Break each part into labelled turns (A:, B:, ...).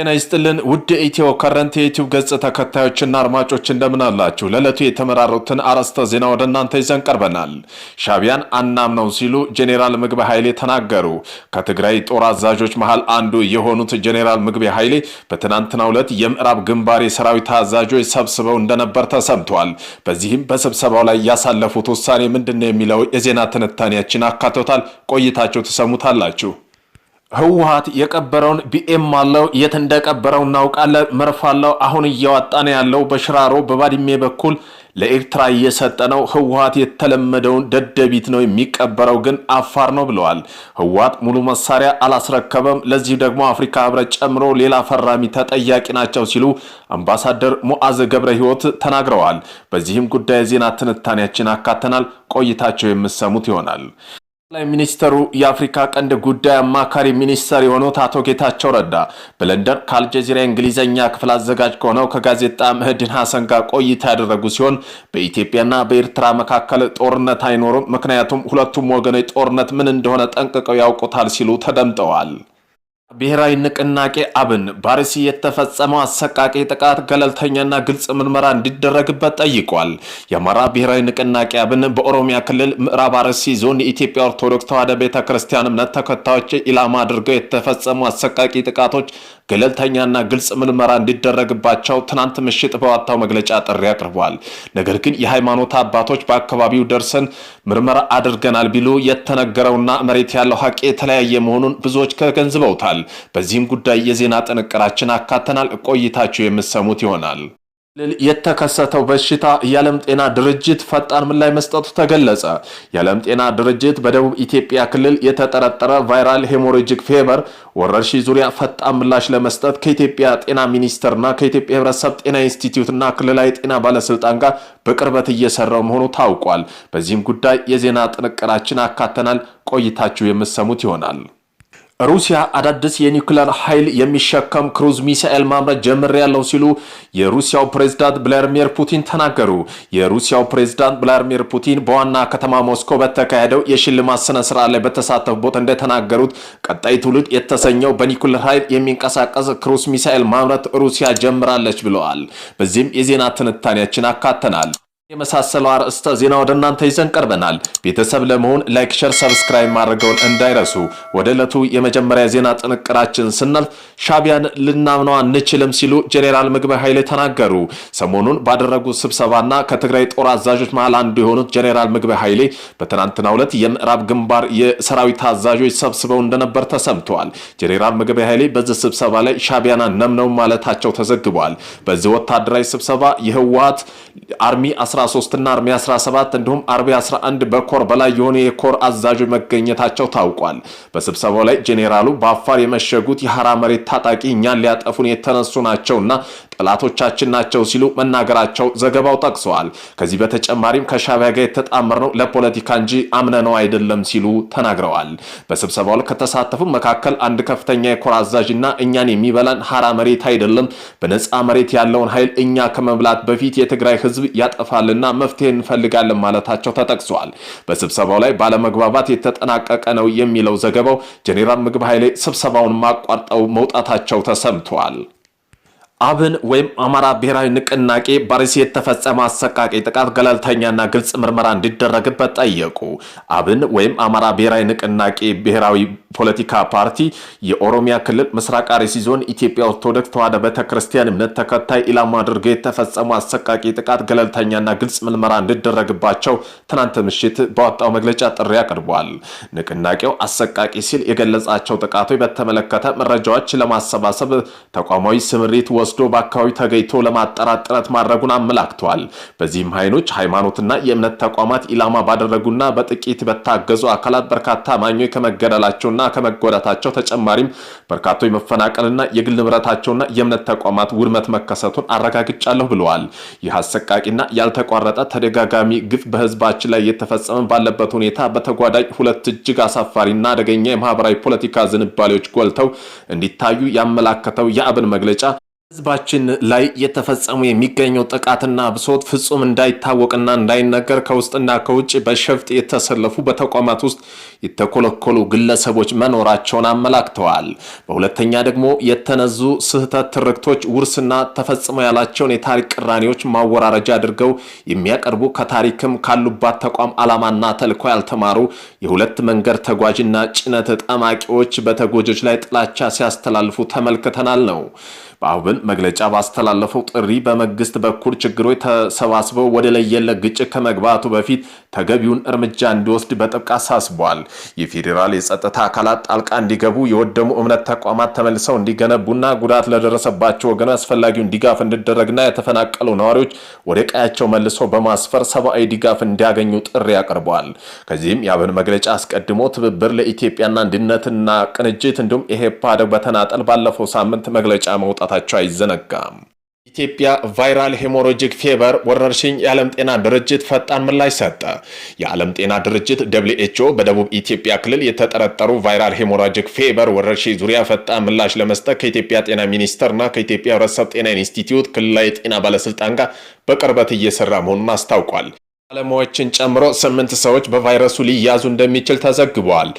A: ጤና ይስጥልን ውድ ኢትዮ ከረንት የዩቲዩብ ገጽ ተከታዮችና አድማጮች እንደምን አላችሁ? ለዕለቱ የተመራሩትን አርዕስተ ዜና ወደ እናንተ ይዘን ቀርበናል። ሻቢያን አናምነው ሲሉ ጄኔራል ምግበ ኃይሌ ተናገሩ። ከትግራይ ጦር አዛዦች መሃል አንዱ የሆኑት ጄኔራል ምግበ ኃይሌ በትናንትናው ዕለት የምዕራብ ግንባር የሰራዊት አዛዦች ሰብስበው እንደነበር ተሰምቷል። በዚህም በስብሰባው ላይ ያሳለፉት ውሳኔ ምንድን ነው የሚለው የዜና ትንታኔያችን አካቶታል። ቆይታቸው ትሰሙታላችሁ። ህወሀት የቀበረውን ቢኤም አለው የት እንደቀበረው እናውቃለን። መርፍ አለው አሁን እያዋጣን ያለው በሽራሮ በባድሜ በኩል ለኤርትራ እየሰጠ ነው። ህወሀት የተለመደውን ደደቢት ነው የሚቀበረው ግን አፋር ነው ብለዋል። ህወሀት ሙሉ መሳሪያ አላስረከበም። ለዚህ ደግሞ አፍሪካ ህብረት ጨምሮ ሌላ ፈራሚ ተጠያቂ ናቸው ሲሉ አምባሳደር ሞዓዝ ገብረ ህይወት ተናግረዋል። በዚህም ጉዳይ ዜና ትንታኔያችን አካተናል። ቆይታቸው የምሰሙት ይሆናል። ጠቅላይ ሚኒስትሩ የአፍሪካ ቀንድ ጉዳይ አማካሪ ሚኒስትር የሆኑት አቶ ጌታቸው ረዳ በለንደን ከአልጀዚራ የእንግሊዝኛ ክፍል አዘጋጅ ከሆነው ከጋዜጣ ምህድን ሀሰን ጋር ቆይታ ያደረጉ ሲሆን በኢትዮጵያና በኤርትራ መካከል ጦርነት አይኖርም፣ ምክንያቱም ሁለቱም ወገኖች ጦርነት ምን እንደሆነ ጠንቅቀው ያውቁታል ሲሉ ተደምጠዋል። ብሔራዊ ንቅናቄ አብን ባርሲ የተፈጸመው አሰቃቂ ጥቃት ገለልተኛና ግልጽ ምርመራ እንዲደረግበት ጠይቋል። የአማራ ብሔራዊ ንቅናቄ አብን በኦሮሚያ ክልል ምዕራብ አርሲ ዞን የኢትዮጵያ ኦርቶዶክስ ተዋሕዶ ቤተ ክርስቲያን እምነት ተከታዮች ኢላማ አድርገው የተፈጸሙ አሰቃቂ ጥቃቶች ገለልተኛና ግልጽ ምርመራ እንዲደረግባቸው ትናንት ምሽት በዋታው መግለጫ ጥሪ አቅርቧል። ነገር ግን የሃይማኖት አባቶች በአካባቢው ደርሰን ምርመራ አድርገናል ቢሉ የተነገረውና መሬት ያለው ሀቅ የተለያየ መሆኑን ብዙዎች ተገንዝበውታል። ይገኛል። በዚህም ጉዳይ የዜና ጥንቅራችን አካተናል። ቆይታችሁ የምሰሙት ይሆናል። የተከሰተው በሽታ የዓለም ጤና ድርጅት ፈጣን ምላሽ መስጠቱ ተገለጸ። የዓለም ጤና ድርጅት በደቡብ ኢትዮጵያ ክልል የተጠረጠረ ቫይራል ሄሞሮጂክ ፌቨር ወረርሺ ዙሪያ ፈጣን ምላሽ ለመስጠት ከኢትዮጵያ ጤና ሚኒስቴርና ከኢትዮጵያ ሕብረተሰብ ጤና ኢንስቲትዩትና ክልላዊ ጤና ባለስልጣን ጋር በቅርበት እየሰራው መሆኑ ታውቋል። በዚህም ጉዳይ የዜና ጥንቅራችን አካተናል። ቆይታችሁ የምሰሙት ይሆናል። ሩሲያ አዳዲስ የኒውክሌር ኃይል የሚሸከም ክሩዝ ሚሳኤል ማምረት ጀምር ያለው ሲሉ የሩሲያው ፕሬዝዳንት ብላድሚር ፑቲን ተናገሩ። የሩሲያው ፕሬዝዳንት ቭላዲሚር ፑቲን በዋና ከተማ ሞስኮ በተካሄደው የሽልማት ስነ ስርዓት ላይ በተሳተፉበት እንደተናገሩት ቀጣይ ትውልድ የተሰኘው በኒውክሌር ኃይል የሚንቀሳቀስ ክሩዝ ሚሳኤል ማምረት ሩሲያ ጀምራለች ብለዋል። በዚህም የዜና ትንታኔያችን አካተናል። የመሳሰለው አርዕስተ ዜና ወደ እናንተ ይዘን ቀርበናል። ቤተሰብ ለመሆን ላይክ፣ ሸር፣ ሰብስክራይብ ማድረገውን እንዳይረሱ። ወደ ዕለቱ የመጀመሪያ ዜና ጥንቅራችን ስናልፍ ሻቢያን ልናምነው አንችልም ሲሉ ጄኔራል ምግበይ ኃይሌ ተናገሩ። ሰሞኑን ባደረጉት ስብሰባና ከትግራይ ጦር አዛዦች መሃል አንዱ የሆኑት ጄኔራል ምግበይ ኃይሌ በትናንትናው ዕለት የምዕራብ ግንባር የሰራዊት አዛዦች ሰብስበው እንደነበር ተሰምተዋል። ጄኔራል ምግበይ ኃይሌ በዚህ ስብሰባ ላይ ሻዕቢያን ነምነው ማለታቸው ተዘግቧል። በዚህ ወታደራዊ ስብሰባ የህወሀት አርሚ 13 እና አርሚ 17 እንዲሁም አርቢ 11 በኮር በላይ የሆነ የኮር አዛዥ መገኘታቸው ታውቋል። በስብሰባው ላይ ጄኔራሉ በአፋር የመሸጉት የሐራ መሬት ታጣቂ እኛን ሊያጠፉን የተነሱ ናቸውና ጠላቶቻችን ናቸው ሲሉ መናገራቸው ዘገባው ጠቅሰዋል። ከዚህ በተጨማሪም ከሻቢያ ጋር የተጣመርነው ለፖለቲካ እንጂ አምነነው አይደለም ሲሉ ተናግረዋል። በስብሰባው ላይ ከተሳተፉ መካከል አንድ ከፍተኛ የኮር እና እኛን የሚበላን ሀራ መሬት አይደለም፣ በነፃ መሬት ያለውን ኃይል እኛ ከመብላት በፊት የትግራይ ህዝብ ያጠፋልና መፍትሄ እንፈልጋለን ማለታቸው ተጠቅሰዋል። በስብሰባው ላይ ባለመግባባት የተጠናቀቀ ነው የሚለው ዘገባው ጄኔራል ምግብ ኃይሌ ስብሰባውን ማቋርጠው መውጣታቸው ተሰምተዋል። አብን ወይም አማራ ብሔራዊ ንቅናቄ በአርሲ የተፈጸመ አሰቃቂ ጥቃት ገለልተኛና ግልጽ ምርመራ እንዲደረግበት ጠየቁ። አብን ወይም አማራ ብሔራዊ ንቅናቄ ብሔራዊ ፖለቲካ ፓርቲ የኦሮሚያ ክልል ምስራቅ አርሲ ዞን ኢትዮጵያ ኦርቶዶክስ ተዋሕዶ ቤተክርስቲያን እምነት ተከታይ ኢላማ አድርገው የተፈጸሙ አሰቃቂ ጥቃት ገለልተኛና ግልጽ ምርመራ እንዲደረግባቸው ትናንት ምሽት በወጣው መግለጫ ጥሪ አቅርቧል። ንቅናቄው አሰቃቂ ሲል የገለጻቸው ጥቃቶች በተመለከተ መረጃዎች ለማሰባሰብ ተቋማዊ ስምሪት ወስዶ በአካባቢ ተገኝቶ ለማጣራት ጥረት ማድረጉን አመላክቷል። በዚህም ኃይሎች ሃይማኖትና የእምነት ተቋማት ኢላማ ባደረጉና በጥቂት በታገዙ አካላት በርካታ አማኞች ከመገደላቸውና ከመጎዳታቸው ተጨማሪም በርካቶች መፈናቀልና የግል ንብረታቸውና የእምነት ተቋማት ውድመት መከሰቱን አረጋግጫለሁ ብለዋል። ይህ አሰቃቂና ያልተቋረጠ ተደጋጋሚ ግፍ በህዝባችን ላይ እየተፈጸመ ባለበት ሁኔታ በተጓዳኝ ሁለት እጅግ አሳፋሪና አደገኛ የማህበራዊ ፖለቲካ ዝንባሌዎች ጎልተው እንዲታዩ ያመላከተው የአብን መግለጫ ህዝባችን ላይ እየተፈጸሙ የሚገኘው ጥቃትና ብሶት ፍጹም እንዳይታወቅና እንዳይነገር ከውስጥና ከውጭ በሸፍጥ የተሰለፉ በተቋማት ውስጥ የተኮለኮሉ ግለሰቦች መኖራቸውን አመላክተዋል። በሁለተኛ ደግሞ የተነዙ ስህተት ትርክቶች ውርስና ተፈጽሞ ያላቸውን የታሪክ ቅራኔዎች ማወራረጃ አድርገው የሚያቀርቡ ከታሪክም ካሉባት ተቋም ዓላማና ተልኮ ያልተማሩ የሁለት መንገድ ተጓዥና ጭነት ጠማቂዎች በተጎጆች ላይ ጥላቻ ሲያስተላልፉ ተመልክተናል ነው በአብን መግለጫ ባስተላለፈው ጥሪ በመንግስት በኩል ችግሮች ተሰባስበው ወደ ለየለት ግጭት ከመግባቱ በፊት ተገቢውን እርምጃ እንዲወስድ በጥብቅ አሳስቧል። የፌዴራል የጸጥታ አካላት ጣልቃ እንዲገቡ፣ የወደሙ እምነት ተቋማት ተመልሰው እንዲገነቡና ጉዳት ለደረሰባቸው ወገን አስፈላጊውን ድጋፍ እንዲደረግና የተፈናቀሉ ነዋሪዎች ወደ ቀያቸው መልሰው በማስፈር ሰብአዊ ድጋፍ እንዲያገኙ ጥሪ አቅርቧል። ከዚህም የአብን መግለጫ አስቀድሞ ትብብር ለኢትዮጵያና አንድነትና ቅንጅት እንዲሁም ኢህአፓግ በተናጠል ባለፈው ሳምንት መግለጫ መውጣት መምጣታቸው አይዘነጋም። ኢትዮጵያ ቫይራል ሄሞሮጂክ ፌቨር ወረርሽኝ የዓለም ጤና ድርጅት ፈጣን ምላሽ ሰጠ። የዓለም ጤና ድርጅት ደብሊው ኤች ኦ በደቡብ ኢትዮጵያ ክልል የተጠረጠሩ ቫይራል ሄሞራጂክ ፌቨር ወረርሽኝ ዙሪያ ፈጣን ምላሽ ለመስጠት ከኢትዮጵያ ጤና ሚኒስቴርና ከኢትዮጵያ ሕብረተሰብ ጤና ኢንስቲትዩት ክልላዊ የጤና ባለስልጣን ጋር በቅርበት እየሰራ መሆኑን አስታውቋል። ባለሙያዎችን ጨምሮ ስምንት ሰዎች በቫይረሱ ሊያዙ እንደሚችል ተዘግበዋል።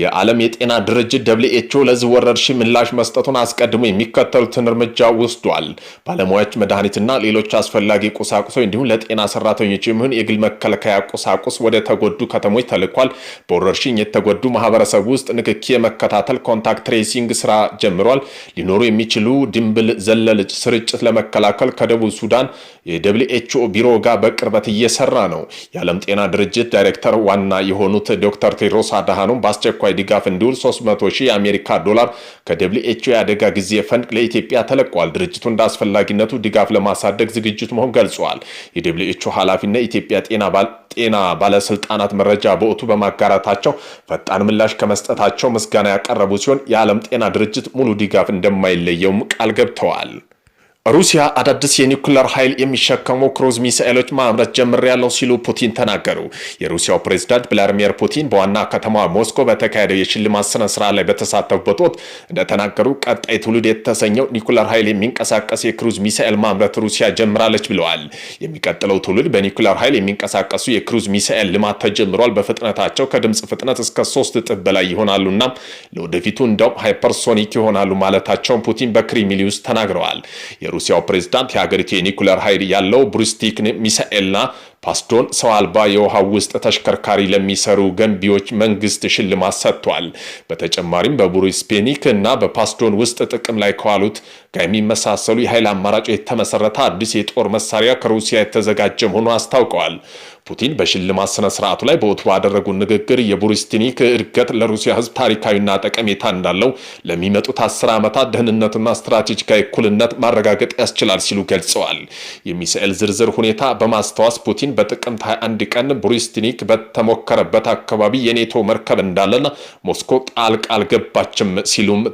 A: የዓለም የጤና ድርጅት ደብሊው ኤች ኦ ለዚህ ወረርሽኝ ምላሽ መስጠቱን አስቀድሞ የሚከተሉትን እርምጃ ወስዷል። ባለሙያዎች መድኃኒትና ሌሎች አስፈላጊ ቁሳቁሶች እንዲሁም ለጤና ሰራተኞች የሚሆን የግል መከላከያ ቁሳቁስ ወደ ተጎዱ ከተሞች ተልኳል። በወረርሽኝ የተጎዱ ማህበረሰብ ውስጥ ንክኪ የመከታተል ኮንታክት ትሬሲንግ ስራ ጀምሯል። ሊኖሩ የሚችሉ ድንብል ዘለል ስርጭት ለመከላከል ከደቡብ ሱዳን የደብሊው ኤች ኦ ቢሮ ጋር በቅርበት እየሰራ ነው። ነው። የዓለም ጤና ድርጅት ዳይሬክተር ዋና የሆኑት ዶክተር ቴድሮስ አድሃኖም በአስቸኳይ ድጋፍ እንዲውል 300 ሺህ የአሜሪካ ዶላር ከደብሊው የአደጋ ጊዜ ፈንድ ለኢትዮጵያ ተለቋል። ድርጅቱ እንደ አስፈላጊነቱ ድጋፍ ለማሳደግ ዝግጅት መሆን ገልጿል። የደብሊው ኃላፊና የኢትዮጵያ ጤና ባለስልጣናት መረጃ በወቅቱ በማጋራታቸው ፈጣን ምላሽ ከመስጠታቸው ምስጋና ያቀረቡ ሲሆን የዓለም ጤና ድርጅት ሙሉ ድጋፍ እንደማይለየውም ቃል ገብተዋል። ሩሲያ አዳዲስ የኒውክለር ኃይል የሚሸከሙ ክሩዝ ሚሳኤሎች ማምረት ጀምር ያለው ሲሉ ፑቲን ተናገሩ። የሩሲያው ፕሬዝዳንት ቭላድሚር ፑቲን በዋና ከተማ ሞስኮ በተካሄደው የሽልማት ስነ ስርዓት ላይ በተሳተፉበት ወቅት እንደተናገሩ ቀጣይ ትውልድ የተሰኘው ኒውክለር ኃይል የሚንቀሳቀስ የክሩዝ ሚሳኤል ማምረት ሩሲያ ጀምራለች ብለዋል። የሚቀጥለው ትውልድ በኒውክለር ኃይል የሚንቀሳቀሱ የክሩዝ ሚሳኤል ልማት ተጀምሯል። በፍጥነታቸው ከድምፅ ፍጥነት እስከ ሶስት እጥፍ በላይ ይሆናሉና ለወደፊቱ እንደውም ሃይፐርሶኒክ ይሆናሉ ማለታቸውን ፑቲን በክሪሚሊ ውስጥ ተናግረዋል። የሩሲያው ፕሬዝዳንት የሀገሪቱ የኒኩሊር ኃይል ያለው ብሪስቲክ ሚሳኤልና ፓስቶን ሰው አልባ የውሃ ውስጥ ተሽከርካሪ ለሚሰሩ ገንቢዎች መንግስት ሽልማት ሰጥቷል። በተጨማሪም በቡሪስፔኒክ እና በፓስቶን ውስጥ ጥቅም ላይ ከዋሉት ጋር የሚመሳሰሉ የኃይል አማራጭ የተመሰረተ አዲስ የጦር መሳሪያ ከሩሲያ የተዘጋጀ መሆኑ አስታውቀዋል። ፑቲን በሽልማት ስነ ስርዓቱ ላይ በወቅቱ ባደረጉ ንግግር የቡሪስቲኒክ እድገት ለሩሲያ ህዝብ ታሪካዊና ጠቀሜታ እንዳለው ለሚመጡት አስር ዓመታት ደህንነትና ስትራቴጂካዊ እኩልነት ማረጋገጥ ያስችላል ሲሉ ገልጸዋል። የሚሳኤል ዝርዝር ሁኔታ በማስታወስ ፑቲን በጥቅምት 21 ቀን ብሪስቲኒክ በተሞከረበት አካባቢ የኔቶ መርከብ እንዳለን ሞስኮ ቃል ቃል ገባችም ሲሉም